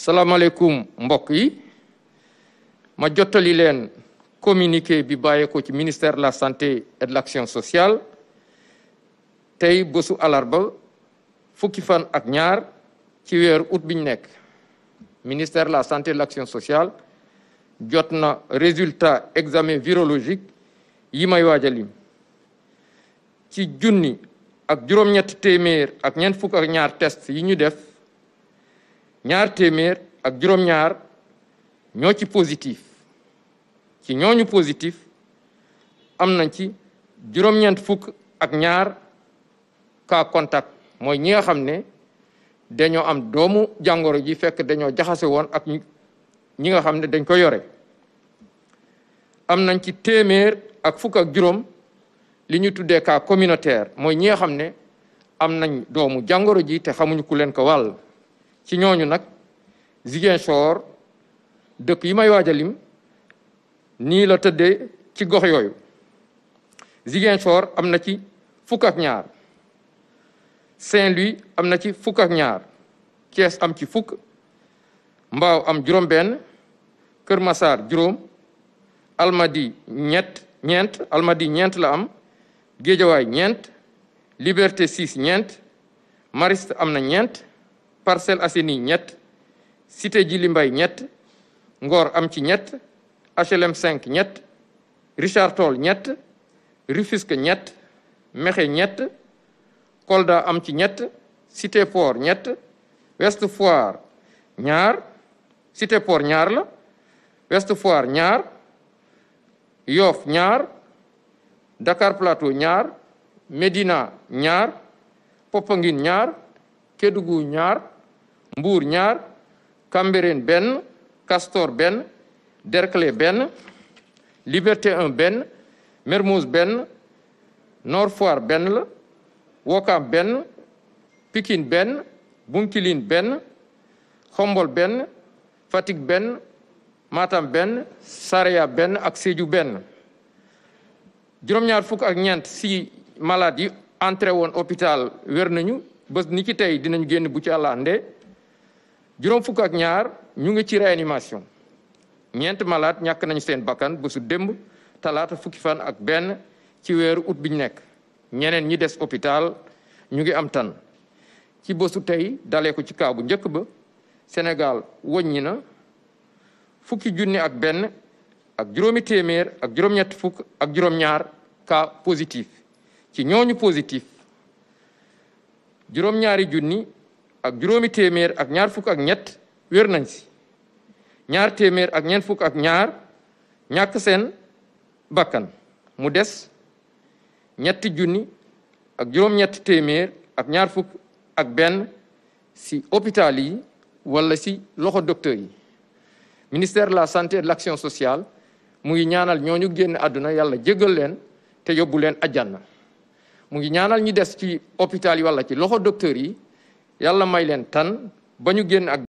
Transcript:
salaamaaleykum mbokk yi ma jottali leen communique bi bàyyeekoo ci ministère de la santé de l'action sociale tey bésu alarba fukki fan ak ñaar ci weeru août bi ñu nekk ministère de la santé de l'action sociale jot na résultat examen virologique yi may waajalim ci junni ak juróom-ñetti téeméer ak ñeent fukk ak ñaar test yi ñu def ñaar téeméer ak juróom-ñaar ñoo ci positif ci ñooñu positif am nañ ci juróom-ñeent fukk ak ñaar ka contact mooy ñi nga xam ne dañoo am doomu jàngoro ji fekk dañoo jaxase woon ak ñi nga xam ne dañ ko yore am nañ ci téeméer ak fukk ak juróom li ñu tuddee ka communautaire mooy ñi nga xam ne am nañ doomu jàngoro ji te xamuñu ku leen ko wàll ci ñooñu nag Ziguinchor dëkk yi may waaja lim nii la tëdde ci gox yooyu Ziguinchor am na ci fukk ak ñaar Saint-Louis am na ci fukk ak ñaar Thiès am ci fukk Mbao am juróom-benn Kër Massar juróom Almadi ñett ñeent Almadi ñeent la am Géejawaay ñeent Liberté 6 ñeent Mariste am na ñeent Parcelles Assainies ñett Cité Djily Mbaye ñett Ngor am ci ñett HLM 5 ñett Richard Toll ñett Rufisque ñett Mékhé ñett Kolda am ci ñett Cité Port ñett West Foire ñaar Cité Port ñaar la West Foire ñaar Yoff ñaar Dakar Plateau ñaar Médina ñaar Popenguine ñaar Kédougou ñaar Mbour ñaar Cambérène benn Castor benn Derklé benn Liberté 1 benn Mermoz benn Nord Foire benn la Ouakam benn Pikine benn Bounkiling benn Khombol benn Fatick benn Matam benn Saraya benn ak Sédhiou benn juróom-ñaar fukk ak ñeent entré woon hôpital wér nañu bés ni ci tey dinañ génn bu ci àllaa ndee juróom fukk ak ñaar ñu ngi ci réanimation ñeent malaat ñàkk nañu seen bakkan bésu démb talaata fukki fan ak benn ci weeru ut biñ nekk ñeneen ñi des hôpital ñu ngi am tan ci bésu tey dalee ko ci kaabu njëkk ba Sénégal woññi na fukki junni ak benn ak juróomi téeméer ak juróom-ñett fukk ak juróom-ñaar cas positif ci ñooñu positif juróom-ñaari junni ak juróomi téeméer ak ñaar fukk ak ñett wér nañ si ñaar téeméer ak ñeent fukk ak ñaar ñàkk seen bakkan mu des ñetti junni ak juróom-ñetti téeméer ak ñaar fukk ak benn si hôpital yi wala si loxo docteur yi ministère la santé de l'action sociale mu ngi ñaanal ñooñu génn àdduna yàlla jéggal leen te yóbbu leen na mu ngi ñaanal ñi des ci hôpital yi wala ci loxo docteur yi yàlla may leen tan ba ñu génn ak